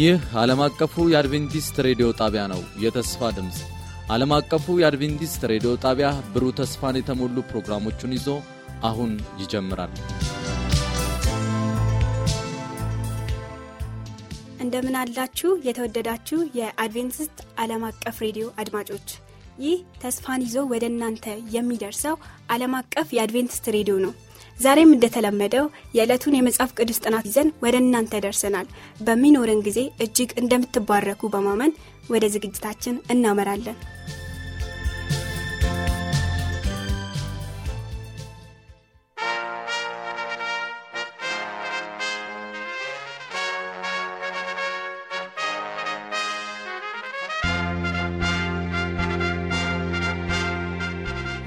ይህ ዓለም አቀፉ የአድቬንቲስት ሬዲዮ ጣቢያ ነው። የተስፋ ድምፅ ዓለም አቀፉ የአድቬንቲስት ሬዲዮ ጣቢያ ብሩህ ተስፋን የተሞሉ ፕሮግራሞቹን ይዞ አሁን ይጀምራል። እንደምን አላችሁ የተወደዳችሁ የአድቬንቲስት ዓለም አቀፍ ሬዲዮ አድማጮች። ይህ ተስፋን ይዞ ወደ እናንተ የሚደርሰው ዓለም አቀፍ የአድቬንቲስት ሬዲዮ ነው። ዛሬም እንደተለመደው የዕለቱን የመጽሐፍ ቅዱስ ጥናት ይዘን ወደ እናንተ ደርሰናል። በሚኖረን ጊዜ እጅግ እንደምትባረኩ በማመን ወደ ዝግጅታችን እናመራለን።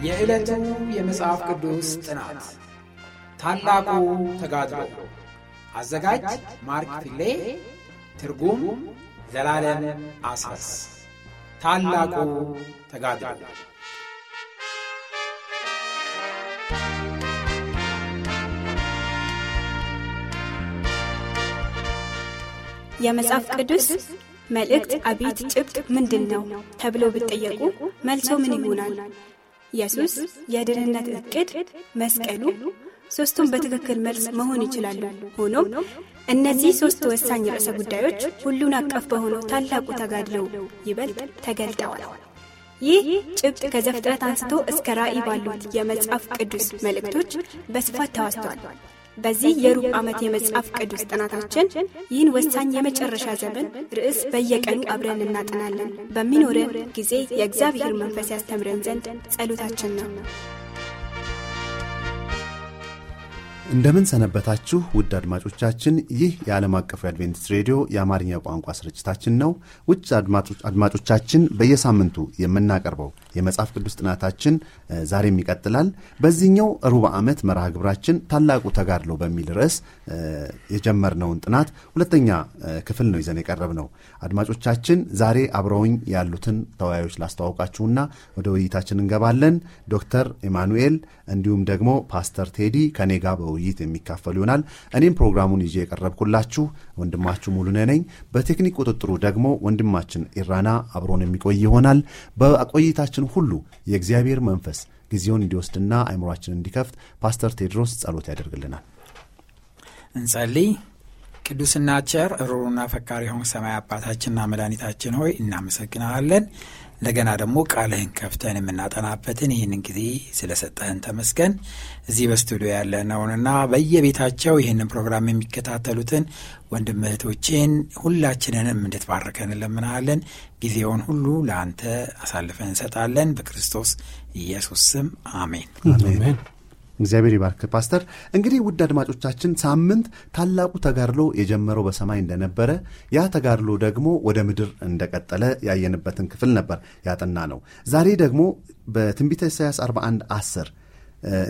የዕለቱ የመጽሐፍ ቅዱስ ጥናት ታላቁ ተጋድሎ አዘጋጅ ማርክ ፊሌ፣ ትርጉም ዘላለም አሳስ ታላቁ ተጋድሎ የመጽሐፍ ቅዱስ መልእክት አቤት ጭብጥ ምንድን ነው ተብሎ ቢጠየቁ መልሶ ምን ይሆናል? ኢየሱስ የድህንነት እቅድ መስቀሉ ሶስቱም በትክክል መልስ መሆን ይችላሉ። ሆኖም እነዚህ ሶስት ወሳኝ ርዕሰ ጉዳዮች ሁሉን አቀፍ በሆነው ታላቁ ተጋድለው ይበልጥ ተገልጠዋል። ይህ ጭብጥ ከዘፍጥረት አንስቶ እስከ ራእይ ባሉት የመጽሐፍ ቅዱስ መልእክቶች በስፋት ተዋስተዋል። በዚህ የሩብ ዓመት የመጽሐፍ ቅዱስ ጥናታችን ይህን ወሳኝ የመጨረሻ ዘመን ርዕስ በየቀኑ አብረን እናጠናለን። በሚኖረን ጊዜ የእግዚአብሔር መንፈስ ያስተምረን ዘንድ ጸሎታችን ነው። እንደምን ሰነበታችሁ ውድ አድማጮቻችን። ይህ የዓለም አቀፉ የአድቬንቲስት ሬዲዮ የአማርኛ ቋንቋ ስርጭታችን ነው። ውጭ አድማጮቻችን፣ በየሳምንቱ የምናቀርበው የመጽሐፍ ቅዱስ ጥናታችን ዛሬም ይቀጥላል። በዚህኛው ሩብ ዓመት መርሃ ግብራችን ታላቁ ተጋድሎ በሚል ርዕስ የጀመርነውን ጥናት ሁለተኛ ክፍል ነው ይዘን የቀረብ ነው። አድማጮቻችን፣ ዛሬ አብረውኝ ያሉትን ተወያዮች ላስተዋውቃችሁና ወደ ውይይታችን እንገባለን። ዶክተር ኢማኑኤል እንዲሁም ደግሞ ፓስተር ቴዲ ከኔጋ ። ውይይት የሚካፈሉ ይሆናል። እኔም ፕሮግራሙን ይዤ የቀረብኩላችሁ ወንድማችሁ ሙሉነ ነኝ። በቴክኒክ ቁጥጥሩ ደግሞ ወንድማችን ኢራና አብሮን የሚቆይ ይሆናል። በቆይታችን ሁሉ የእግዚአብሔር መንፈስ ጊዜውን እንዲወስድና አይምሯችን እንዲከፍት ፓስተር ቴድሮስ ጸሎት ያደርግልናል። እንጸልይ። ቅዱስና ቸር ሩሩና ፈቃሪ ሆን ሰማይ አባታችንና መድኃኒታችን ሆይ እናመሰግናለን እንደገና ደግሞ ቃልህን ከፍተን የምናጠናበትን ይህንን ጊዜ ስለሰጠህን ተመስገን። እዚህ በስቱዲዮ ነውንና በየቤታቸው ይህንን ፕሮግራም የሚከታተሉትን ወንድም እህቶቼን ሁላችንንም እንድትባርከን እንለምናለን። ጊዜውን ሁሉ ለአንተ አሳልፈን እንሰጣለን። በክርስቶስ ኢየሱስ ስም አሜን። እግዚአብሔር ይባርክ ፓስተር። እንግዲህ ውድ አድማጮቻችን ሳምንት ታላቁ ተጋድሎ የጀመረው በሰማይ እንደነበረ ያ ተጋድሎ ደግሞ ወደ ምድር እንደቀጠለ ያየንበትን ክፍል ነበር ያጠና ነው። ዛሬ ደግሞ በትንቢተ ኢሳያስ 41 10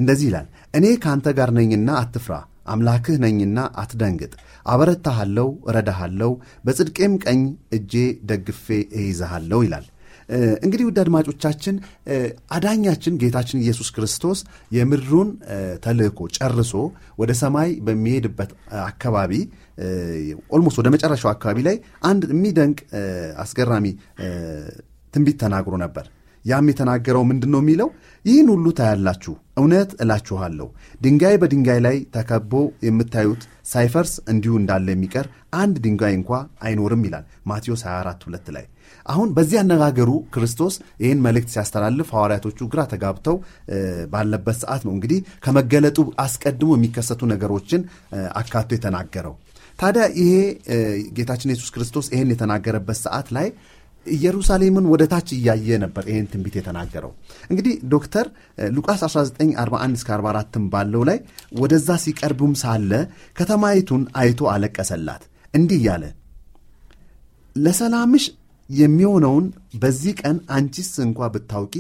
እንደዚህ ይላል፣ እኔ ከአንተ ጋር ነኝና አትፍራ፣ አምላክህ ነኝና አትደንግጥ፣ አበረታሃለው፣ እረዳሃለው፣ በጽድቄም ቀኝ እጄ ደግፌ እይዝሃለው ይላል። እንግዲህ ውድ አድማጮቻችን አዳኛችን ጌታችን ኢየሱስ ክርስቶስ የምድሩን ተልእኮ ጨርሶ ወደ ሰማይ በሚሄድበት አካባቢ ኦልሞስት ወደ መጨረሻው አካባቢ ላይ አንድ የሚደንቅ አስገራሚ ትንቢት ተናግሮ ነበር። ያም የተናገረው ምንድን ነው የሚለው ይህን ሁሉ ታያላችሁ። እውነት እላችኋለሁ ድንጋይ በድንጋይ ላይ ተከቦ የምታዩት ሳይፈርስ እንዲሁ እንዳለ የሚቀር አንድ ድንጋይ እንኳ አይኖርም ይላል ማቴዎስ 24 2 ላይ። አሁን በዚህ አነጋገሩ ክርስቶስ ይህን መልእክት ሲያስተላልፍ ሐዋርያቶቹ ግራ ተጋብተው ባለበት ሰዓት ነው እንግዲህ ከመገለጡ አስቀድሞ የሚከሰቱ ነገሮችን አካቶ የተናገረው። ታዲያ ይሄ ጌታችን ኢየሱስ ክርስቶስ ይህን የተናገረበት ሰዓት ላይ ኢየሩሳሌምን ወደ ታች እያየ ነበር ይህን ትንቢት የተናገረው። እንግዲህ ዶክተር ሉቃስ 1941 44 ባለው ላይ ወደዛ ሲቀርቡም ሳለ ከተማይቱን አይቶ አለቀሰላት እንዲህ እያለ ለሰላምሽ የሚሆነውን በዚህ ቀን አንቺስ እንኳ ብታውቂ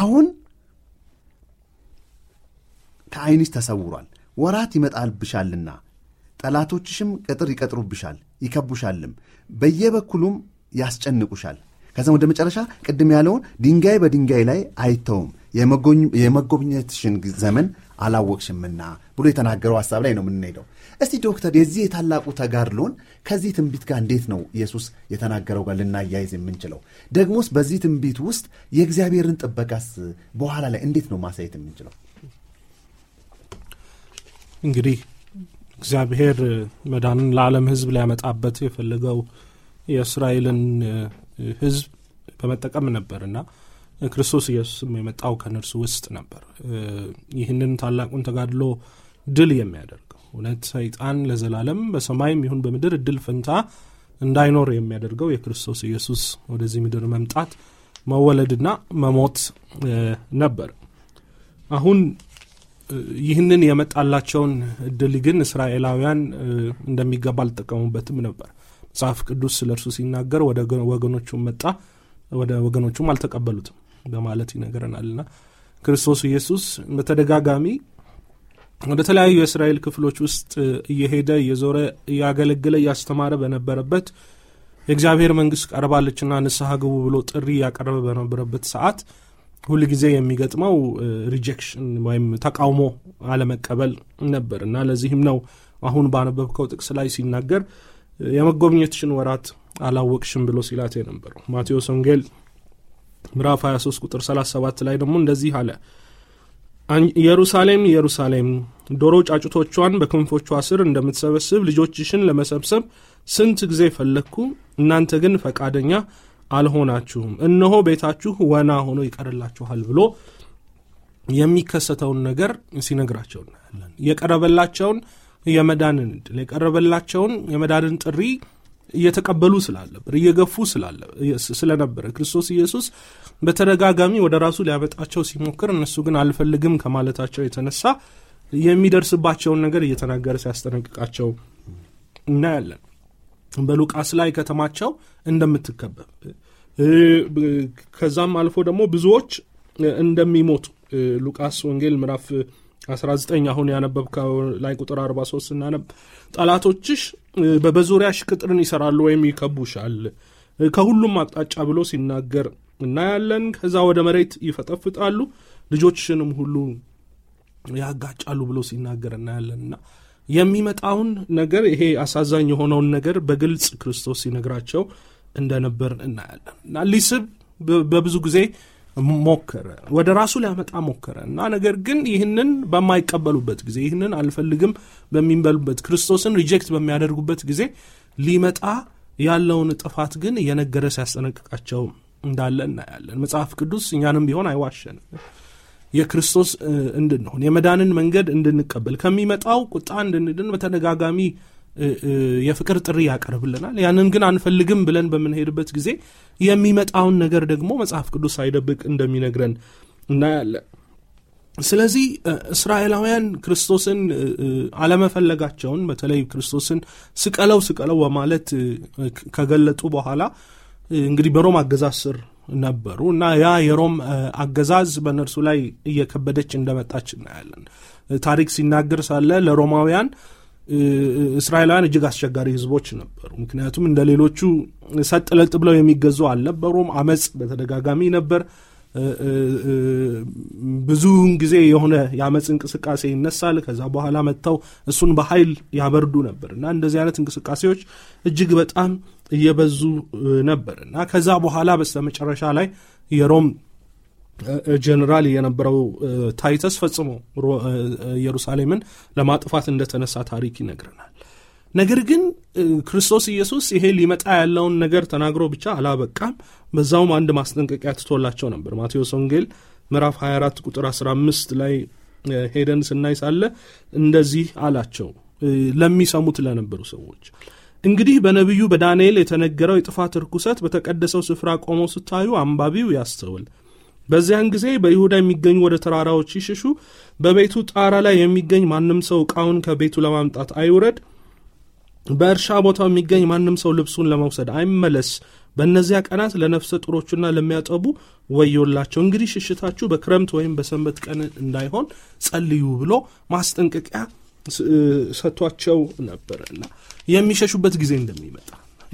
አሁን ከዓይንሽ ተሰውሯል። ወራት ይመጣልብሻልና ጠላቶችሽም ቅጥር ይቀጥሩብሻል፣ ይከቡሻልም በየበኩሉም ያስጨንቁሻል። ከዚም ወደ መጨረሻ ቅድም ያለውን ድንጋይ በድንጋይ ላይ አይተውም የመጎብኘትሽን ዘመን አላወቅሽምና ብሎ የተናገረው ሀሳብ ላይ ነው የምንሄደው። እስቲ ዶክተር የዚህ የታላቁ ተጋድሎን ከዚህ ትንቢት ጋር እንዴት ነው ኢየሱስ የተናገረው ጋር ልናያይዝ የምንችለው? ደግሞስ በዚህ ትንቢት ውስጥ የእግዚአብሔርን ጥበቃስ በኋላ ላይ እንዴት ነው ማሳየት የምንችለው? እንግዲህ እግዚአብሔር መዳንን ለዓለም ሕዝብ ሊያመጣበት የፈለገው የእስራኤልን ህዝብ በመጠቀም ነበር እና ክርስቶስ ኢየሱስም የመጣው ከነርሱ ውስጥ ነበር። ይህንን ታላቁን ተጋድሎ ድል የሚያደርገው እውነት ሰይጣን ለዘላለም በሰማይም ይሁን በምድር እድል ፈንታ እንዳይኖር የሚያደርገው የክርስቶስ ኢየሱስ ወደዚህ ምድር መምጣት መወለድና መሞት ነበር። አሁን ይህንን የመጣላቸውን እድል ግን እስራኤላውያን እንደሚገባ አልጠቀሙበትም ነበር። መጽሐፍ ቅዱስ ስለ እርሱ ሲናገር ወደ ወገኖቹም መጣ ወደ ወገኖቹም አልተቀበሉትም በማለት ና ክርስቶስ ኢየሱስ በተደጋጋሚ ወደ ተለያዩ የእስራኤል ክፍሎች ውስጥ እየሄደ እየዞረ እያገለገለ እያስተማረ በነበረበት የእግዚአብሔር መንግስት ቀርባለችና ንስሐ ግቡ ብሎ ጥሪ እያቀረበ በነበረበት ሰዓት ሁል ጊዜ የሚገጥመው ሪጀክሽን ወይም ተቃውሞ አለመቀበል ነበር እና ለዚህም ነው አሁን ባነበብከው ጥቅስ ላይ ሲናገር የመጎብኘትሽን ወራት አላወቅሽም ብሎ ሲላት የነበረው ማቴዎስ ወንጌል ምዕራፍ 23 ቁጥር 37 ላይ ደግሞ እንደዚህ አለ ኢየሩሳሌም ኢየሩሳሌም ዶሮ ጫጩቶቿን በክንፎቿ ስር እንደምትሰበስብ ልጆችሽን ለመሰብሰብ ስንት ጊዜ ፈለግኩ፣ እናንተ ግን ፈቃደኛ አልሆናችሁም። እነሆ ቤታችሁ ወና ሆኖ ይቀርላችኋል ብሎ የሚከሰተውን ነገር ሲነግራቸው እናያለን። የቀረበላቸውን የመዳንን እድል የቀረበላቸውን የመዳንን ጥሪ እየተቀበሉ ስላለብር እየገፉ ስለነበረ ክርስቶስ ኢየሱስ በተደጋጋሚ ወደ ራሱ ሊያመጣቸው ሲሞክር እነሱ ግን አልፈልግም ከማለታቸው የተነሳ የሚደርስባቸውን ነገር እየተናገረ ሲያስጠነቅቃቸው እናያለን። በሉቃስ ላይ ከተማቸው እንደምትከበብ ከዛም አልፎ ደግሞ ብዙዎች እንደሚሞቱ ሉቃስ ወንጌል ምራፍ 19 አሁን ያነበብከው ላይ ቁጥር 43 ስናነብ ጠላቶችሽ በበዙሪያሽ ቅጥርን ይሰራሉ ወይም ይከቡሻል ከሁሉም አቅጣጫ ብሎ ሲናገር እናያለን። ከዛ ወደ መሬት ይፈጠፍጣሉ ልጆችንም ሁሉ ያጋጫሉ ብሎ ሲናገር እናያለን እና የሚመጣውን ነገር ይሄ አሳዛኝ የሆነውን ነገር በግልጽ ክርስቶስ ሲነግራቸው እንደነበር እናያለን እና ሊስብ በብዙ ጊዜ ሞከረ፣ ወደ ራሱ ሊያመጣ ሞከረ እና ነገር ግን ይህንን በማይቀበሉበት ጊዜ ይህንን አልፈልግም በሚንበሉበት ክርስቶስን ሪጀክት በሚያደርጉበት ጊዜ ሊመጣ ያለውን ጥፋት ግን እየነገረ ሲያስጠነቅቃቸው እንዳለ እናያለን። መጽሐፍ ቅዱስ እኛንም ቢሆን አይዋሸንም። የክርስቶስ እንድንሆን የመዳንን መንገድ እንድንቀበል ከሚመጣው ቁጣ እንድንድን በተደጋጋሚ የፍቅር ጥሪ ያቀርብልናል። ያንን ግን አንፈልግም ብለን በምንሄድበት ጊዜ የሚመጣውን ነገር ደግሞ መጽሐፍ ቅዱስ ሳይደብቅ እንደሚነግረን እናያለን። ስለዚህ እስራኤላውያን ክርስቶስን አለመፈለጋቸውን በተለይ ክርስቶስን ስቀለው ስቀለው በማለት ከገለጡ በኋላ እንግዲህ በሮም አገዛዝ ስር ነበሩ እና ያ የሮም አገዛዝ በእነርሱ ላይ እየከበደች እንደመጣች እናያለን። ታሪክ ሲናገር ሳለ ለሮማውያን እስራኤላውያን እጅግ አስቸጋሪ ህዝቦች ነበሩ። ምክንያቱም እንደ ሌሎቹ ሰጥ ለጥ ብለው የሚገዙ አልነበሩም። አመፅ በተደጋጋሚ ነበር። ብዙውን ጊዜ የሆነ የአመፅ እንቅስቃሴ ይነሳል። ከዛ በኋላ መጥተው እሱን በኃይል ያበርዱ ነበር እና እንደዚህ አይነት እንቅስቃሴዎች እጅግ በጣም እየበዙ ነበር እና ከዛ በኋላ በስተመጨረሻ ላይ የሮም ጀነራል የነበረው ታይተስ ፈጽሞ ኢየሩሳሌምን ለማጥፋት እንደተነሳ ታሪክ ይነግረናል። ነገር ግን ክርስቶስ ኢየሱስ ይሄ ሊመጣ ያለውን ነገር ተናግሮ ብቻ አላበቃም። በዛውም አንድ ማስጠንቀቂያ ትቶላቸው ነበር። ማቴዎስ ወንጌል ምዕራፍ 24 ቁጥር 15 ላይ ሄደን ስናይ ሳለ እንደዚህ አላቸው ለሚሰሙት ለነበሩ ሰዎች እንግዲህ በነቢዩ በዳንኤል የተነገረው የጥፋት ርኩሰት በተቀደሰው ስፍራ ቆመው ስታዩ አንባቢው ያስተውል በዚያን ጊዜ በይሁዳ የሚገኙ ወደ ተራራዎች ይሽሹ። በቤቱ ጣራ ላይ የሚገኝ ማንም ሰው እቃውን ከቤቱ ለማምጣት አይውረድ። በእርሻ ቦታው የሚገኝ ማንም ሰው ልብሱን ለመውሰድ አይመለስ። በእነዚያ ቀናት ለነፍሰ ጥሮቹና ለሚያጠቡ ወዮላቸው። እንግዲህ ሽሽታችሁ በክረምት ወይም በሰንበት ቀን እንዳይሆን ጸልዩ ብሎ ማስጠንቀቂያ ሰጥቷቸው ነበርና የሚሸሹበት ጊዜ እንደሚመጣ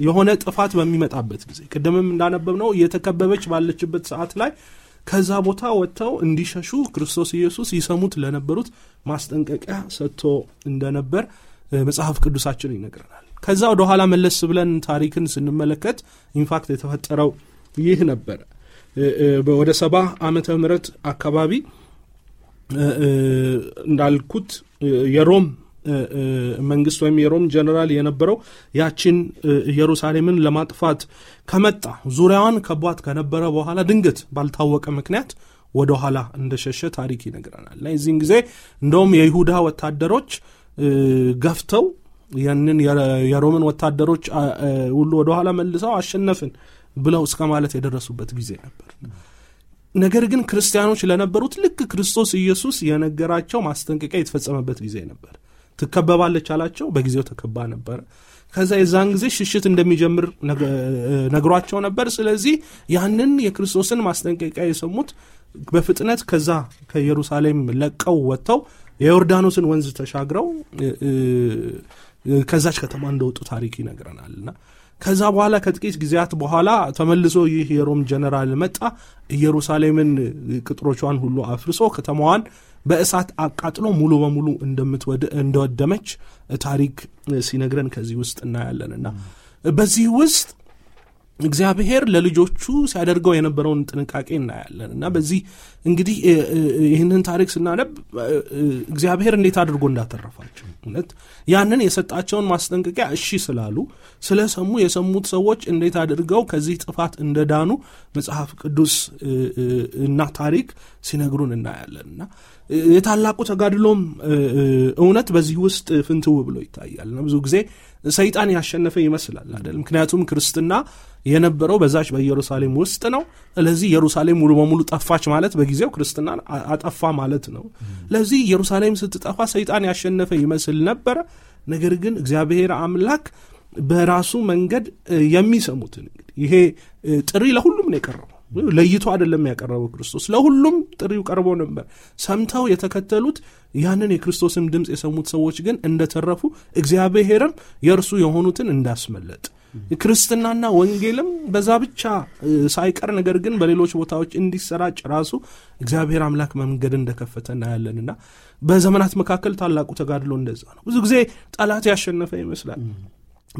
የሆነ ጥፋት በሚመጣበት ጊዜ ቅድምም እንዳነበብ ነው እየተከበበች ባለችበት ሰዓት ላይ ከዛ ቦታ ወጥተው እንዲሸሹ ክርስቶስ ኢየሱስ ይሰሙት ለነበሩት ማስጠንቀቂያ ሰጥቶ እንደነበር መጽሐፍ ቅዱሳችን ይነግረናል ከዛ ወደ ኋላ መለስ ብለን ታሪክን ስንመለከት ኢንፋክት የተፈጠረው ይህ ነበረ ወደ ሰባ ዓመተ ምህረት አካባቢ እንዳልኩት የሮም መንግስት ወይም የሮም ጀነራል የነበረው ያችን ኢየሩሳሌምን ለማጥፋት ከመጣ ዙሪያዋን ከቧት ከነበረ በኋላ ድንገት ባልታወቀ ምክንያት ወደኋላ እንደሸሸ ታሪክ ይነግረናል ና የዚህን ጊዜ እንደውም የይሁዳ ወታደሮች ገፍተው ያንን የሮምን ወታደሮች ሁሉ ወደኋላ መልሰው አሸነፍን ብለው እስከ ማለት የደረሱበት ጊዜ ነበር ነገር ግን ክርስቲያኖች ለነበሩት ልክ ክርስቶስ ኢየሱስ የነገራቸው ማስጠንቀቂያ የተፈጸመበት ጊዜ ነበር ትከበባለች አላቸው። በጊዜው ተከባ ነበረ። ከዛ የዛን ጊዜ ሽሽት እንደሚጀምር ነግሯቸው ነበር። ስለዚህ ያንን የክርስቶስን ማስጠንቀቂያ የሰሙት በፍጥነት ከዛ ከኢየሩሳሌም ለቀው ወጥተው የዮርዳኖስን ወንዝ ተሻግረው ከዛች ከተማ እንደወጡ ታሪክ ይነግረናል ና ከዛ በኋላ ከጥቂት ጊዜያት በኋላ ተመልሶ ይህ የሮም ጀነራል መጣ። ኢየሩሳሌምን ቅጥሮቿን ሁሉ አፍርሶ ከተማዋን በእሳት አቃጥሎ ሙሉ በሙሉ እንደወደመች ታሪክ ሲነግረን ከዚህ ውስጥ እናያለን እና በዚህ ውስጥ እግዚአብሔር ለልጆቹ ሲያደርገው የነበረውን ጥንቃቄ እናያለን እና በዚህ እንግዲህ ይህንን ታሪክ ስናነብ እግዚአብሔር እንዴት አድርጎ እንዳተረፋቸው እውነት ያንን የሰጣቸውን ማስጠንቀቂያ እሺ ስላሉ ስለሰሙ የሰሙት ሰዎች እንዴት አድርገው ከዚህ ጥፋት እንደዳኑ መጽሐፍ ቅዱስ እና ታሪክ ሲነግሩን እናያለን እና የታላቁ ተጋድሎም እውነት በዚህ ውስጥ ፍንትው ብሎ ይታያል ብዙ ጊዜ ሰይጣን ያሸነፈ ይመስላል አይደል? ምክንያቱም ክርስትና የነበረው በዛች በኢየሩሳሌም ውስጥ ነው። ለዚህ ኢየሩሳሌም ሙሉ በሙሉ ጠፋች ማለት በጊዜው ክርስትና አጠፋ ማለት ነው። ለዚህ ኢየሩሳሌም ስትጠፋ ሰይጣን ያሸነፈ ይመስል ነበረ። ነገር ግን እግዚአብሔር አምላክ በራሱ መንገድ የሚሰሙትን ይሄ ጥሪ ለሁሉም ነው የቀረው ለይቶ አይደለም ያቀረበው ክርስቶስ። ለሁሉም ጥሪው ቀርቦ ነበር። ሰምተው የተከተሉት ያንን የክርስቶስን ድምፅ የሰሙት ሰዎች ግን እንደተረፉ፣ እግዚአብሔርም የእርሱ የሆኑትን እንዳስመለጥ ክርስትናና ወንጌልም በዛ ብቻ ሳይቀር ነገር ግን በሌሎች ቦታዎች እንዲሰራጭ ራሱ እግዚአብሔር አምላክ መንገድ እንደከፈተ እናያለንና በዘመናት መካከል ታላቁ ተጋድሎ እንደዛ ነው። ብዙ ጊዜ ጠላት ያሸነፈ ይመስላል።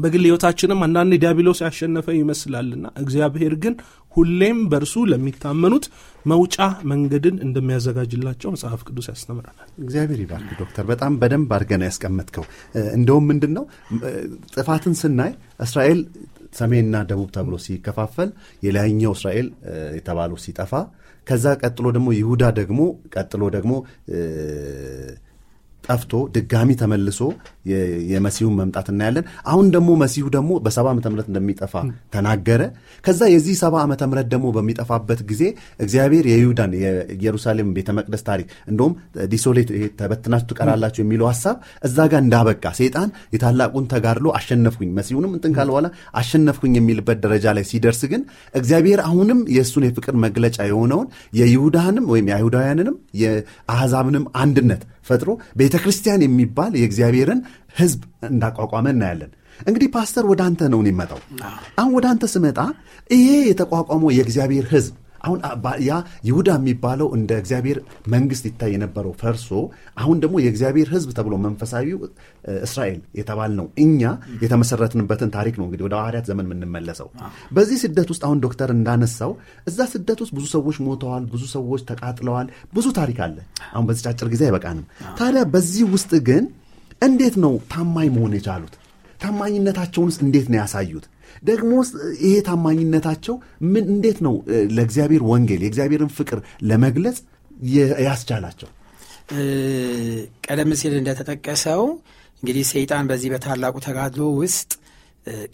በግል ህይወታችንም አንዳንድ ዲያብሎስ ያሸነፈ ይመስላልና እግዚአብሔር ግን ሁሌም በእርሱ ለሚታመኑት መውጫ መንገድን እንደሚያዘጋጅላቸው መጽሐፍ ቅዱስ ያስተምራል። እግዚአብሔር ይባርክ ዶክተር። በጣም በደንብ አድርገን ያስቀመጥከው። እንደውም ምንድን ነው ጥፋትን ስናይ እስራኤል ሰሜንና ደቡብ ተብሎ ሲከፋፈል የላይኛው እስራኤል የተባለው ሲጠፋ ከዛ ቀጥሎ ደግሞ ይሁዳ ደግሞ ቀጥሎ ደግሞ ጠፍቶ ድጋሚ ተመልሶ የመሲሁን መምጣት እናያለን። አሁን ደግሞ መሲሁ ደግሞ በሰባ ዓመተ ምህረት እንደሚጠፋ ተናገረ። ከዛ የዚህ ሰባ ዓመተ ምህረት ደግሞ በሚጠፋበት ጊዜ እግዚአብሔር የይሁዳን የኢየሩሳሌም ቤተ መቅደስ ታሪክ እንደውም ዲሶሌት ተበትናችሁ ትቀራላችሁ የሚለው ሀሳብ እዛ ጋር እንዳበቃ ሴጣን የታላቁን ተጋድሎ አሸነፍኩኝ፣ መሲሁንም እንትን ካለ በኋላ አሸነፍኩኝ የሚልበት ደረጃ ላይ ሲደርስ ግን እግዚአብሔር አሁንም የእሱን የፍቅር መግለጫ የሆነውን የይሁዳንም ወይም የአይሁዳውያንንም የአሕዛብንም አንድነት ፈጥሮ ቤተ ክርስቲያን የሚባል የእግዚአብሔርን ህዝብ እንዳቋቋመ እናያለን። እንግዲህ ፓስተር ወደ አንተ ነው የሚመጣው። አሁን ወደ አንተ ስመጣ ይሄ የተቋቋመው የእግዚአብሔር ህዝብ አሁን ያ ይሁዳ የሚባለው እንደ እግዚአብሔር መንግስት ይታይ የነበረው ፈርሶ አሁን ደግሞ የእግዚአብሔር ህዝብ ተብሎ መንፈሳዊ እስራኤል ነው እኛ የተመሰረትንበትን ታሪክ ነው እንግዲህ ወደ ሐዋርያት ዘመን የምንመለሰው። በዚህ ስደት ውስጥ አሁን ዶክተር እንዳነሳው እዛ ስደት ውስጥ ብዙ ሰዎች ሞተዋል፣ ብዙ ሰዎች ተቃጥለዋል፣ ብዙ ታሪክ አለ። አሁን በዚህ ጫጭር ጊዜ አይበቃንም። ታዲያ በዚህ ውስጥ ግን እንዴት ነው ታማኝ መሆን የቻሉት? ታማኝነታቸውንስ እንዴት ነው ያሳዩት? ደግሞ ይሄ ታማኝነታቸው ምን እንዴት ነው ለእግዚአብሔር ወንጌል የእግዚአብሔርን ፍቅር ለመግለጽ ያስቻላቸው? ቀደም ሲል እንደተጠቀሰው እንግዲህ ሰይጣን በዚህ በታላቁ ተጋድሎ ውስጥ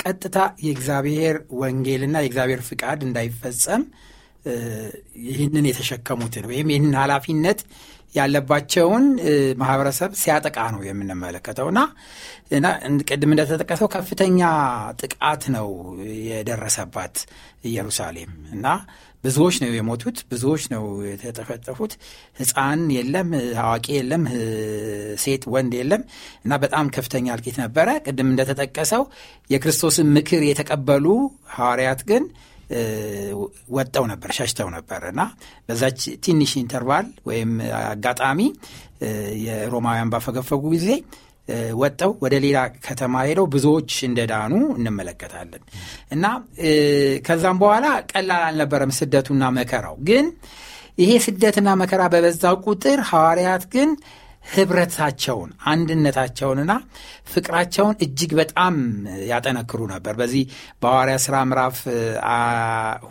ቀጥታ የእግዚአብሔር ወንጌልና የእግዚአብሔር ፍቃድ እንዳይፈጸም ይህንን የተሸከሙትን ወይም ይህንን ኃላፊነት ያለባቸውን ማህበረሰብ ሲያጠቃ ነው የምንመለከተውና እና ቅድም እንደተጠቀሰው ከፍተኛ ጥቃት ነው የደረሰባት ኢየሩሳሌም እና ብዙዎች ነው የሞቱት፣ ብዙዎች ነው የተጠፈጠፉት። ህፃን የለም፣ አዋቂ የለም፣ ሴት ወንድ የለም እና በጣም ከፍተኛ አልቂት ነበረ። ቅድም እንደተጠቀሰው የክርስቶስን ምክር የተቀበሉ ሐዋርያት ግን ወጠው ነበር ሸሽተው ነበር እና በዛች ትንሽ ኢንተርቫል ወይም አጋጣሚ የሮማውያን ባፈገፈጉ ጊዜ ወጠው ወደ ሌላ ከተማ ሄደው ብዙዎች እንደዳኑ እንመለከታለን እና ከዛም በኋላ ቀላል አልነበረም ስደቱና መከራው ግን ይሄ ስደትና መከራ በበዛው ቁጥር ሐዋርያት ግን ህብረታቸውን አንድነታቸውንና ፍቅራቸውን እጅግ በጣም ያጠነክሩ ነበር። በዚህ በሐዋርያ ሥራ ምዕራፍ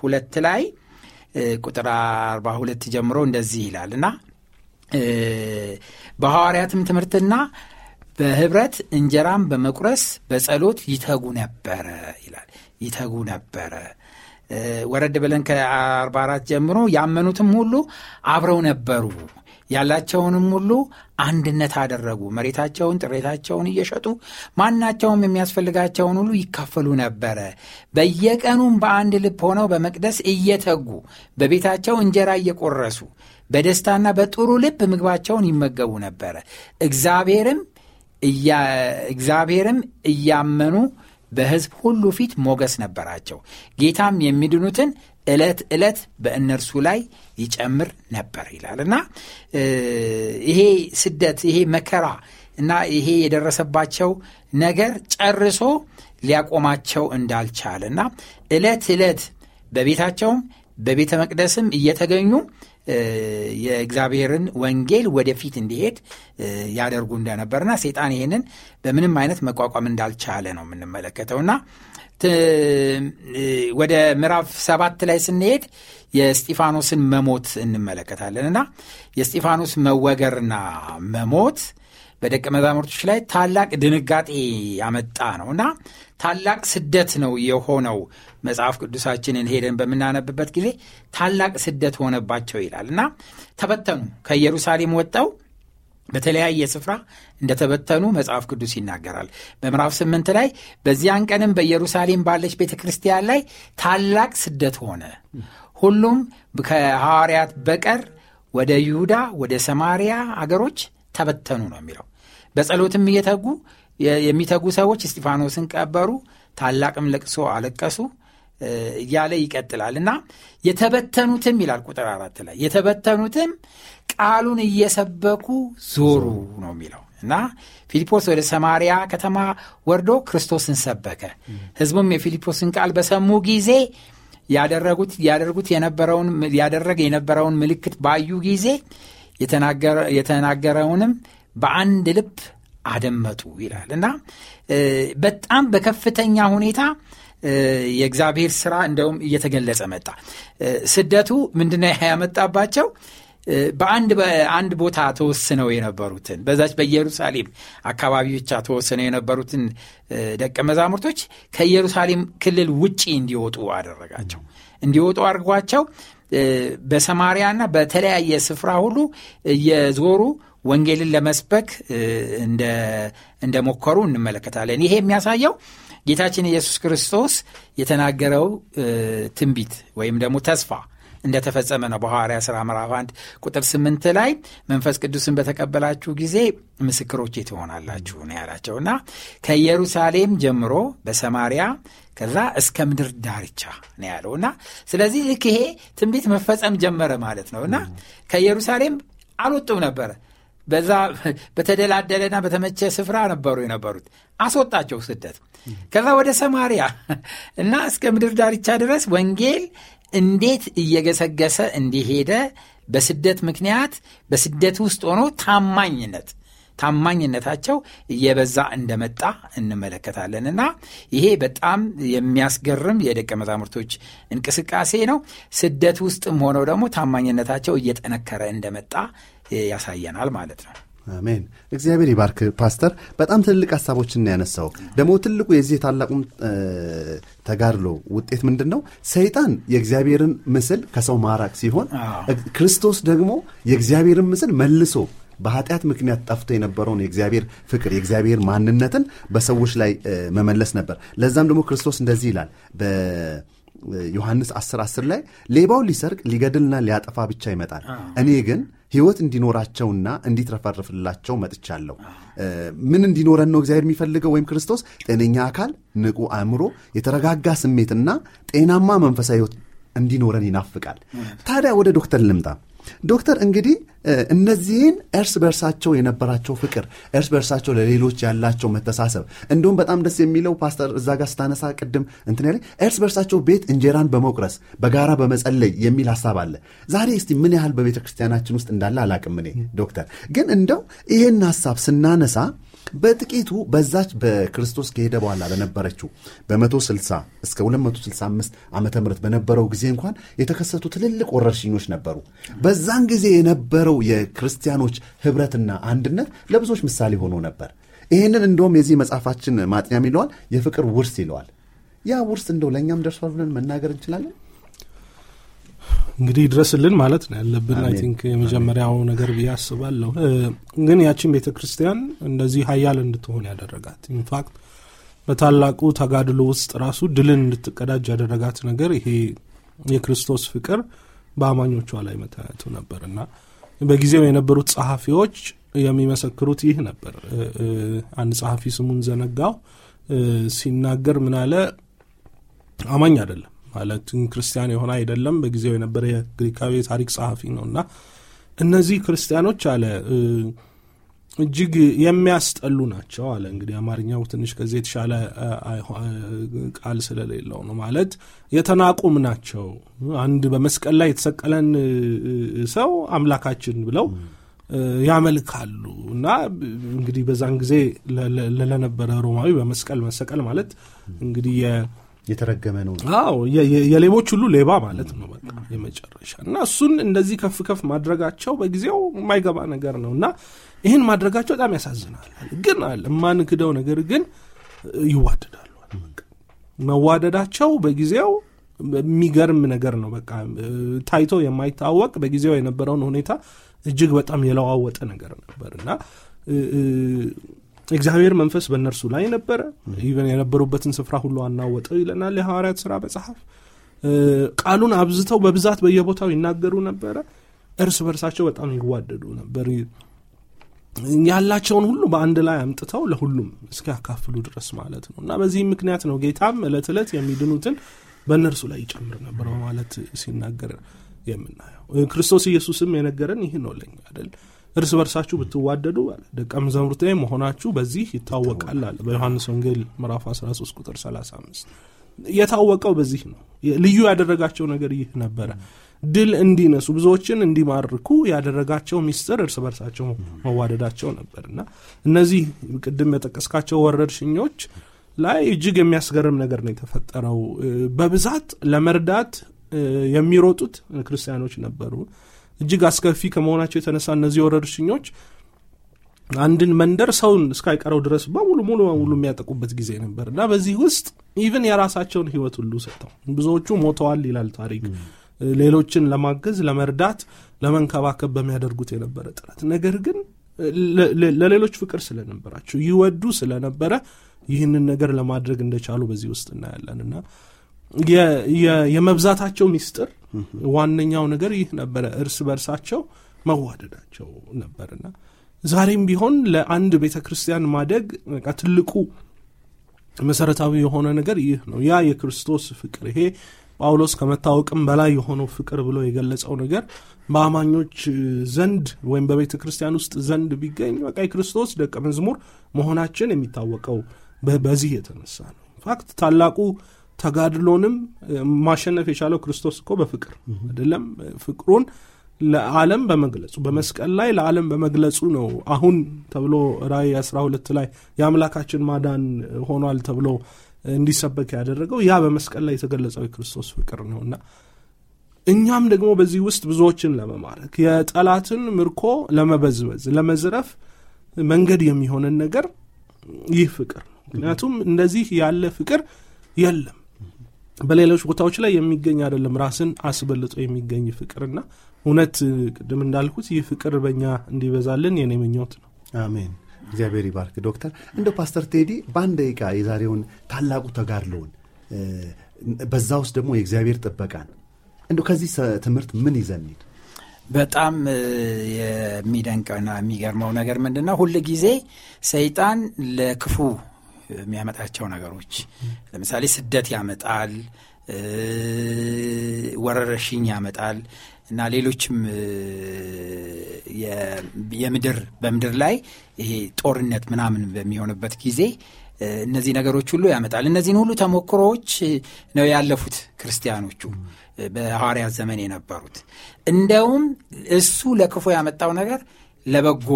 ሁለት ላይ ቁጥር 42 ጀምሮ እንደዚህ ይላል እና በሐዋርያትም ትምህርትና በህብረት እንጀራም በመቁረስ በጸሎት ይተጉ ነበረ ይላል። ይተጉ ነበረ ወረድ ብለን ከ44 ጀምሮ ያመኑትም ሁሉ አብረው ነበሩ ያላቸውንም ሁሉ አንድነት አደረጉ። መሬታቸውን፣ ጥሬታቸውን እየሸጡ ማናቸውም የሚያስፈልጋቸውን ሁሉ ይካፈሉ ነበረ። በየቀኑም በአንድ ልብ ሆነው በመቅደስ እየተጉ በቤታቸው እንጀራ እየቆረሱ በደስታና በጥሩ ልብ ምግባቸውን ይመገቡ ነበረ። እግዚአብሔርም እግዚአብሔርም እያመኑ በሕዝብ ሁሉ ፊት ሞገስ ነበራቸው። ጌታም የሚድኑትን ዕለት ዕለት በእነርሱ ላይ ይጨምር ነበር ይላል እና ይሄ ስደት ይሄ መከራ እና ይሄ የደረሰባቸው ነገር ጨርሶ ሊያቆማቸው እንዳልቻለ እና ዕለት ዕለት በቤታቸውም በቤተ መቅደስም እየተገኙ የእግዚአብሔርን ወንጌል ወደፊት እንዲሄድ ያደርጉ እንደነበርና ሴጣን ይህንን በምንም አይነት መቋቋም እንዳልቻለ ነው የምንመለከተውና ወደ ምዕራፍ ሰባት ላይ ስንሄድ የስጢፋኖስን መሞት እንመለከታለን እና የስጢፋኖስ መወገርና መሞት በደቀ መዛሙርቶች ላይ ታላቅ ድንጋጤ ያመጣ ነው እና ታላቅ ስደት ነው የሆነው። መጽሐፍ ቅዱሳችንን ሄደን በምናነብበት ጊዜ ታላቅ ስደት ሆነባቸው ይላል እና ተበተኑ። ከኢየሩሳሌም ወጠው በተለያየ ስፍራ እንደተበተኑ መጽሐፍ ቅዱስ ይናገራል። በምዕራፍ ስምንት ላይ በዚያን ቀንም በኢየሩሳሌም ባለች ቤተ ክርስቲያን ላይ ታላቅ ስደት ሆነ። ሁሉም ከሐዋርያት በቀር ወደ ይሁዳ፣ ወደ ሰማሪያ አገሮች ተበተኑ ነው የሚለው በጸሎትም እየተጉ የሚተጉ ሰዎች እስጢፋኖስን ቀበሩ፣ ታላቅም ለቅሶ አለቀሱ እያለ ይቀጥላል እና የተበተኑትም ይላል ቁጥር አራት ላይ የተበተኑትም ቃሉን እየሰበኩ ዞሩ ነው የሚለው እና ፊልጶስ ወደ ሰማርያ ከተማ ወርዶ ክርስቶስን ሰበከ። ህዝቡም የፊልጶስን ቃል በሰሙ ጊዜ ያደረጉት ያደርጉት የነበረውን ያደረገ የነበረውን ምልክት ባዩ ጊዜ የተናገረውንም በአንድ ልብ አደመጡ ይላል እና በጣም በከፍተኛ ሁኔታ የእግዚአብሔር ስራ እንደውም እየተገለጸ መጣ። ስደቱ ምንድነው ያመጣባቸው? በአንድ በአንድ ቦታ ተወስነው የነበሩትን በዛች በኢየሩሳሌም አካባቢ ብቻ ተወስነው የነበሩትን ደቀ መዛሙርቶች ከኢየሩሳሌም ክልል ውጪ እንዲወጡ አደረጋቸው። እንዲወጡ አድርጓቸው በሰማሪያና በተለያየ ስፍራ ሁሉ እየዞሩ ወንጌልን ለመስበክ እንደሞከሩ እንመለከታለን። ይሄ የሚያሳየው ጌታችን ኢየሱስ ክርስቶስ የተናገረው ትንቢት ወይም ደግሞ ተስፋ እንደተፈጸመ ነው። በሐዋርያ ሥራ ምዕራፍ አንድ ቁጥር ስምንት ላይ መንፈስ ቅዱስን በተቀበላችሁ ጊዜ ምስክሮቼ ትሆናላችሁ ነው እና ከኢየሩሳሌም ጀምሮ በሰማሪያ ከዛ እስከ ምድር ዳርቻ ነው እና ስለዚህ ልክ ይሄ ትንቢት መፈጸም ጀመረ ማለት ነውና ከኢየሩሳሌም አልወጡም ነበረ በዛ በተደላደለና በተመቸ ስፍራ ነበሩ የነበሩት። አስወጣቸው ስደት። ከዛ ወደ ሰማሪያ እና እስከ ምድር ዳርቻ ድረስ ወንጌል እንዴት እየገሰገሰ እንዲሄደ በስደት ምክንያት በስደት ውስጥ ሆኖ ታማኝነት ታማኝነታቸው እየበዛ እንደመጣ እንመለከታለን እና ይሄ በጣም የሚያስገርም የደቀ መዛሙርቶች እንቅስቃሴ ነው። ስደት ውስጥም ሆነው ደግሞ ታማኝነታቸው እየጠነከረ እንደመጣ ያሳየናል ማለት ነው። አሜን። እግዚአብሔር ይባርክ ፓስተር። በጣም ትልልቅ ሀሳቦችን ያነሳው ደግሞ ትልቁ የዚህ የታላቁም ተጋድሎ ውጤት ምንድን ነው? ሰይጣን የእግዚአብሔርን ምስል ከሰው ማራቅ ሲሆን ክርስቶስ ደግሞ የእግዚአብሔርን ምስል መልሶ በኃጢአት ምክንያት ጠፍቶ የነበረውን የእግዚአብሔር ፍቅር የእግዚአብሔር ማንነትን በሰዎች ላይ መመለስ ነበር። ለዛም ደግሞ ክርስቶስ እንደዚህ ይላል በዮሐንስ 10 10 ላይ ሌባው ሊሰርቅ ሊገድልና ሊያጠፋ ብቻ ይመጣል እኔ ግን ህይወት እንዲኖራቸውና እንዲትረፈርፍላቸው መጥቻለሁ። ምን እንዲኖረን ነው እግዚአብሔር የሚፈልገው ወይም ክርስቶስ? ጤነኛ አካል፣ ንቁ አእምሮ፣ የተረጋጋ ስሜትና ጤናማ መንፈሳዊ ህይወት እንዲኖረን ይናፍቃል። ታዲያ ወደ ዶክተር ልምጣ። ዶክተር እንግዲህ እነዚህን እርስ በርሳቸው የነበራቸው ፍቅር፣ እርስ በርሳቸው ለሌሎች ያላቸው መተሳሰብ፣ እንዲሁም በጣም ደስ የሚለው ፓስተር እዛ ጋር ስታነሳ ቅድም እንትን ያለ እርስ በርሳቸው ቤት እንጀራን በመቁረስ በጋራ በመጸለይ የሚል ሀሳብ አለ። ዛሬ እስቲ ምን ያህል በቤተ ክርስቲያናችን ውስጥ እንዳለ አላቅም እኔ ዶክተር ግን እንደው ይህን ሀሳብ ስናነሳ በጥቂቱ በዛች በክርስቶስ ከሄደ በኋላ በነበረችው በ160 እስከ 265 ዓመተ ምህረት በነበረው ጊዜ እንኳን የተከሰቱ ትልልቅ ወረርሽኞች ነበሩ። በዛን ጊዜ የነበረው የክርስቲያኖች ህብረትና አንድነት ለብዙዎች ምሳሌ ሆኖ ነበር። ይህንን እንደውም የዚህ መጽሐፋችን ማጥኛም ይለዋል፣ የፍቅር ውርስ ይለዋል። ያ ውርስ እንደው ለእኛም ደርሷል ብለን መናገር እንችላለን። እንግዲህ ድረስልን ማለት ነው ያለብን። አይ ቲንክ የመጀመሪያው ነገር ብዬ አስባለሁ። ግን ያችን ቤተ ክርስቲያን እንደዚህ ሀያል እንድትሆን ያደረጋት ኢንፋክት በታላቁ ተጋድሎ ውስጥ ራሱ ድልን እንድትቀዳጅ ያደረጋት ነገር ይሄ የክርስቶስ ፍቅር በአማኞቿ ላይ መታየቱ ነበር እና በጊዜው የነበሩት ጸሐፊዎች የሚመሰክሩት ይህ ነበር። አንድ ጸሐፊ ስሙን ዘነጋው ሲናገር ምናለ አማኝ አይደለም ማለትም ክርስቲያን የሆነ አይደለም፣ በጊዜው የነበረ የግሪካዊ የታሪክ ጸሐፊ ነው እና እነዚህ ክርስቲያኖች አለ እጅግ የሚያስጠሉ ናቸው አለ። እንግዲህ አማርኛው ትንሽ ከዚህ የተሻለ ቃል ስለሌለው ነው። ማለት የተናቁም ናቸው። አንድ በመስቀል ላይ የተሰቀለን ሰው አምላካችን ብለው ያመልካሉ እና እንግዲህ በዛን ጊዜ ለነበረ ሮማዊ በመስቀል መሰቀል ማለት እንግዲህ የተረገመ ነው። አዎ የሌቦች ሁሉ ሌባ ማለት ነው። በቃ የመጨረሻ እና እሱን እንደዚህ ከፍ ከፍ ማድረጋቸው በጊዜው የማይገባ ነገር ነው እና ይህን ማድረጋቸው በጣም ያሳዝናል። ግን አለ የማንክደው ነገር ግን ይዋደዳሉ። መዋደዳቸው በጊዜው የሚገርም ነገር ነው። በቃ ታይቶ የማይታወቅ በጊዜው የነበረውን ሁኔታ እጅግ በጣም የለዋወጠ ነገር ነበር እና እግዚአብሔር መንፈስ በእነርሱ ላይ ነበረ ኢቨን የነበሩበትን ስፍራ ሁሉ አናወጠው ይለናል የሐዋርያት ስራ መጽሐፍ ቃሉን አብዝተው በብዛት በየቦታው ይናገሩ ነበረ እርስ በርሳቸው በጣም ይዋደዱ ነበር ያላቸውን ሁሉ በአንድ ላይ አምጥተው ለሁሉም እስኪያካፍሉ ድረስ ማለት ነው እና በዚህም ምክንያት ነው ጌታም እለት እለት የሚድኑትን በእነርሱ ላይ ይጨምር ነበር በማለት ሲናገር የምናየው ክርስቶስ ኢየሱስም የነገረን ይህ ነው ለኛ አይደል እርስ በርሳችሁ ብትዋደዱ ደቀ መዛሙርቴ መሆናችሁ በዚህ ይታወቃል አለ በዮሐንስ ወንጌል ምዕራፍ 13 ቁጥር 35 የታወቀው በዚህ ነው ልዩ ያደረጋቸው ነገር ይህ ነበረ ድል እንዲነሱ ብዙዎችን እንዲማርኩ ያደረጋቸው ሚስጥር እርስ በርሳቸው መዋደዳቸው ነበር እና እነዚህ ቅድም የጠቀስካቸው ወረርሽኞች ላይ እጅግ የሚያስገርም ነገር ነው የተፈጠረው በብዛት ለመርዳት የሚሮጡት ክርስቲያኖች ነበሩ እጅግ አስከፊ ከመሆናቸው የተነሳ እነዚህ ወረርሽኞች አንድን መንደር ሰውን እስካይቀረው ድረስ በሙሉ ሙሉ በሙሉ የሚያጠቁበት ጊዜ ነበር እና በዚህ ውስጥ ኢቨን የራሳቸውን ህይወት ሁሉ ሰጥተው ብዙዎቹ ሞተዋል ይላል ታሪክ። ሌሎችን ለማገዝ ለመርዳት፣ ለመንከባከብ በሚያደርጉት የነበረ ጥረት ነገር ግን ለሌሎች ፍቅር ስለነበራቸው ይወዱ ስለነበረ ይህንን ነገር ለማድረግ እንደቻሉ በዚህ ውስጥ እናያለን እና የመብዛታቸው ሚስጥር ዋነኛው ነገር ይህ ነበረ፣ እርስ በርሳቸው መዋደዳቸው ነበርና ዛሬም ቢሆን ለአንድ ቤተ ክርስቲያን ማደግ ትልቁ መሰረታዊ የሆነ ነገር ይህ ነው። ያ የክርስቶስ ፍቅር ይሄ ጳውሎስ ከመታወቅም በላይ የሆነው ፍቅር ብሎ የገለጸው ነገር በአማኞች ዘንድ ወይም በቤተ ክርስቲያን ውስጥ ዘንድ ቢገኝ በቃ የክርስቶስ ደቀ መዝሙር መሆናችን የሚታወቀው በዚህ የተነሳ ነው። ፋክት ታላቁ ተጋድሎንም ማሸነፍ የቻለው ክርስቶስ እኮ በፍቅር አይደለም። ፍቅሩን ለዓለም በመግለጹ በመስቀል ላይ ለዓለም በመግለጹ ነው። አሁን ተብሎ ራእይ 12 ላይ የአምላካችን ማዳን ሆኗል ተብሎ እንዲሰበክ ያደረገው ያ በመስቀል ላይ የተገለጸው የክርስቶስ ፍቅር እና እኛም ደግሞ በዚህ ውስጥ ብዙዎችን ለመማረክ የጠላትን ምርኮ ለመበዝበዝ፣ ለመዝረፍ መንገድ የሚሆንን ነገር ይህ ፍቅር ነው። ምክንያቱም እንደዚህ ያለ ፍቅር የለም። በሌሎች ቦታዎች ላይ የሚገኝ አይደለም። ራስን አስበልጦ የሚገኝ ፍቅርና እውነት ቅድም እንዳልኩት ይህ ፍቅር በእኛ እንዲበዛልን የኔ ምኞት ነው። አሜን። እግዚአብሔር ይባርክ። ዶክተር እንደ ፓስተር ቴዲ በአንድ ደቂቃ የዛሬውን ታላቁ ተጋድሎውን በዛ ውስጥ ደግሞ የእግዚአብሔር ጥበቃን እንደ ከዚህ ትምህርት ምን ይዘን በጣም የሚደንቀና የሚገርመው ነገር ምንድነው ሁል ጊዜ ሰይጣን ለክፉ የሚያመጣቸው ነገሮች ለምሳሌ ስደት ያመጣል፣ ወረረሽኝ ያመጣል እና ሌሎችም የምድር በምድር ላይ ይሄ ጦርነት ምናምን በሚሆንበት ጊዜ እነዚህ ነገሮች ሁሉ ያመጣል። እነዚህን ሁሉ ተሞክሮዎች ነው ያለፉት ክርስቲያኖቹ በሐዋርያት ዘመን የነበሩት። እንደውም እሱ ለክፉ ያመጣው ነገር ለበጎ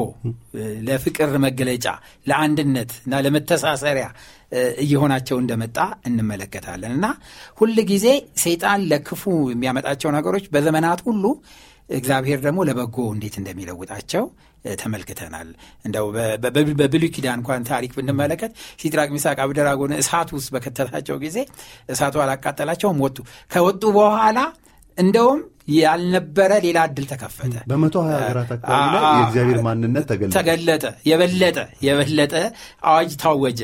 ለፍቅር መገለጫ ለአንድነት እና ለመተሳሰሪያ እየሆናቸው እንደመጣ እንመለከታለን እና ሁል ጊዜ ሰይጣን ለክፉ የሚያመጣቸው ነገሮች በዘመናት ሁሉ እግዚአብሔር ደግሞ ለበጎ እንዴት እንደሚለውጣቸው ተመልክተናል። እንደው በብሉይ ኪዳን እንኳን ታሪክ ብንመለከት ሲድራቅ፣ ሚሳቅ አብደናጎን እሳት ውስጥ በከተታቸው ጊዜ እሳቱ አላቃጠላቸውም፣ ወጡ። ከወጡ በኋላ እንደውም ያልነበረ ሌላ እድል ተከፈተ። በመቶ ሀያ ሀገራት አካባቢ ላይ የእግዚአብሔር ማንነት ተገለጠ የበለጠ የበለጠ አዋጅ ታወጀ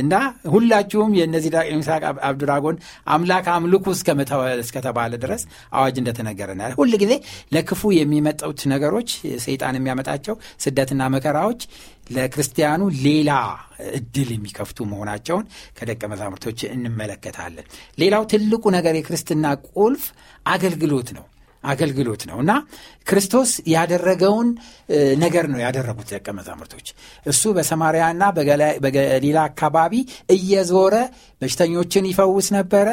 እና ሁላችሁም የእነዚህ ምስራቅ አብዱራጎን አምላክ አምልኩ እስከተባለ ድረስ አዋጅ እንደተነገረ ነው። ሁል ጊዜ ለክፉ የሚመጡት ነገሮች ሰይጣን የሚያመጣቸው ስደትና መከራዎች ለክርስቲያኑ ሌላ እድል የሚከፍቱ መሆናቸውን ከደቀ መዛሙርቶች እንመለከታለን። ሌላው ትልቁ ነገር የክርስትና ቁልፍ አገልግሎት ነው። አገልግሎት ነው እና ክርስቶስ ያደረገውን ነገር ነው ያደረጉት ደቀ መዛሙርቶች። እሱ በሰማርያና በገሊላ አካባቢ እየዞረ በሽተኞችን ይፈውስ ነበረ፣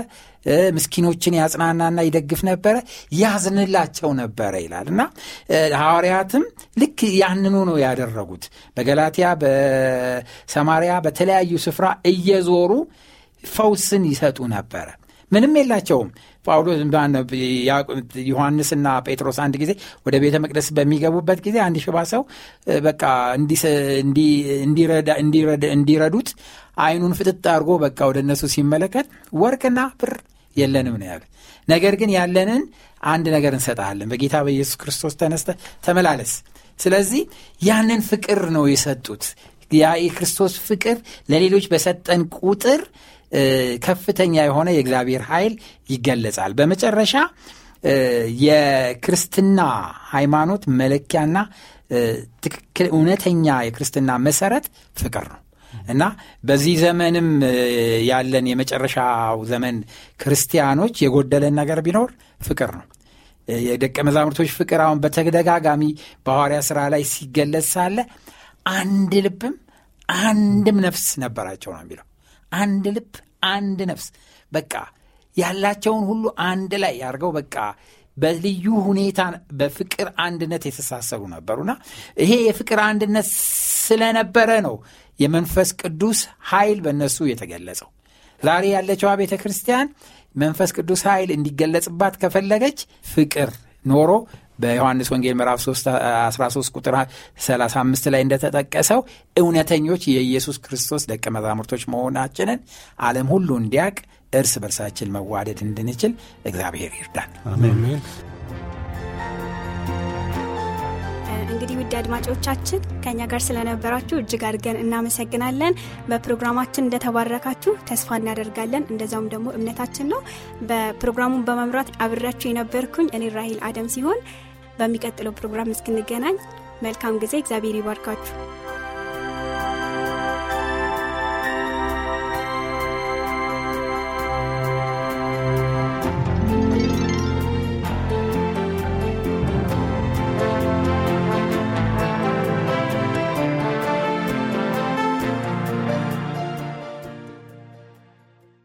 ምስኪኖችን ያጽናናና ይደግፍ ነበረ፣ ያዝንላቸው ነበረ ይላል እና ሐዋርያትም ልክ ያንኑ ነው ያደረጉት። በገላትያ በሰማርያ በተለያዩ ስፍራ እየዞሩ ፈውስን ይሰጡ ነበረ። ምንም የላቸውም ጳውሎስ ዮሐንስና ጴጥሮስ አንድ ጊዜ ወደ ቤተ መቅደስ በሚገቡበት ጊዜ አንድ ሽባ ሰው በቃ እንዲረዱት አይኑን ፍጥጥ አድርጎ በቃ ወደ እነሱ ሲመለከት ወርቅና ብር የለንም ነው ያሉት። ነገር ግን ያለንን አንድ ነገር እንሰጣለን በጌታ በኢየሱስ ክርስቶስ ተነስተ ተመላለስ። ስለዚህ ያንን ፍቅር ነው የሰጡት። ያ የክርስቶስ ፍቅር ለሌሎች በሰጠን ቁጥር ከፍተኛ የሆነ የእግዚአብሔር ኃይል ይገለጻል። በመጨረሻ የክርስትና ሃይማኖት መለኪያና ትክክል እውነተኛ የክርስትና መሰረት ፍቅር ነው እና በዚህ ዘመንም ያለን የመጨረሻው ዘመን ክርስቲያኖች የጎደለን ነገር ቢኖር ፍቅር ነው። የደቀ መዛሙርቶች ፍቅር አሁን በተደጋጋሚ በሐዋርያ ስራ ላይ ሲገለጽ ሳለ አንድ ልብም አንድም ነፍስ ነበራቸው ነው የሚለው። አንድ ልብ፣ አንድ ነፍስ በቃ ያላቸውን ሁሉ አንድ ላይ ያርገው በቃ በልዩ ሁኔታ በፍቅር አንድነት የተሳሰሩ ነበሩና ይሄ የፍቅር አንድነት ስለነበረ ነው የመንፈስ ቅዱስ ኃይል በእነሱ የተገለጸው። ዛሬ ያለችዋ ቤተ ክርስቲያን መንፈስ ቅዱስ ኃይል እንዲገለጽባት ከፈለገች ፍቅር ኖሮ በዮሐንስ ወንጌል ምዕራፍ 13 ቁጥር 35 ላይ እንደተጠቀሰው እውነተኞች የኢየሱስ ክርስቶስ ደቀ መዛሙርቶች መሆናችንን ዓለም ሁሉ እንዲያውቅ እርስ በርሳችን መዋደድ እንድንችል እግዚአብሔር ይርዳል። እንግዲህ ውድ አድማጮቻችን ከእኛ ጋር ስለነበራችሁ እጅግ አድርገን እናመሰግናለን። በፕሮግራማችን እንደተባረካችሁ ተስፋ እናደርጋለን። እንደዛውም ደግሞ እምነታችን ነው። በፕሮግራሙን በመምራት አብራችሁ የነበርኩኝ እኔ ራሂል አደም ሲሆን በሚቀጥለው ፕሮግራም እስክንገናኝ መልካም ጊዜ፣ እግዚአብሔር ይባርካችሁ።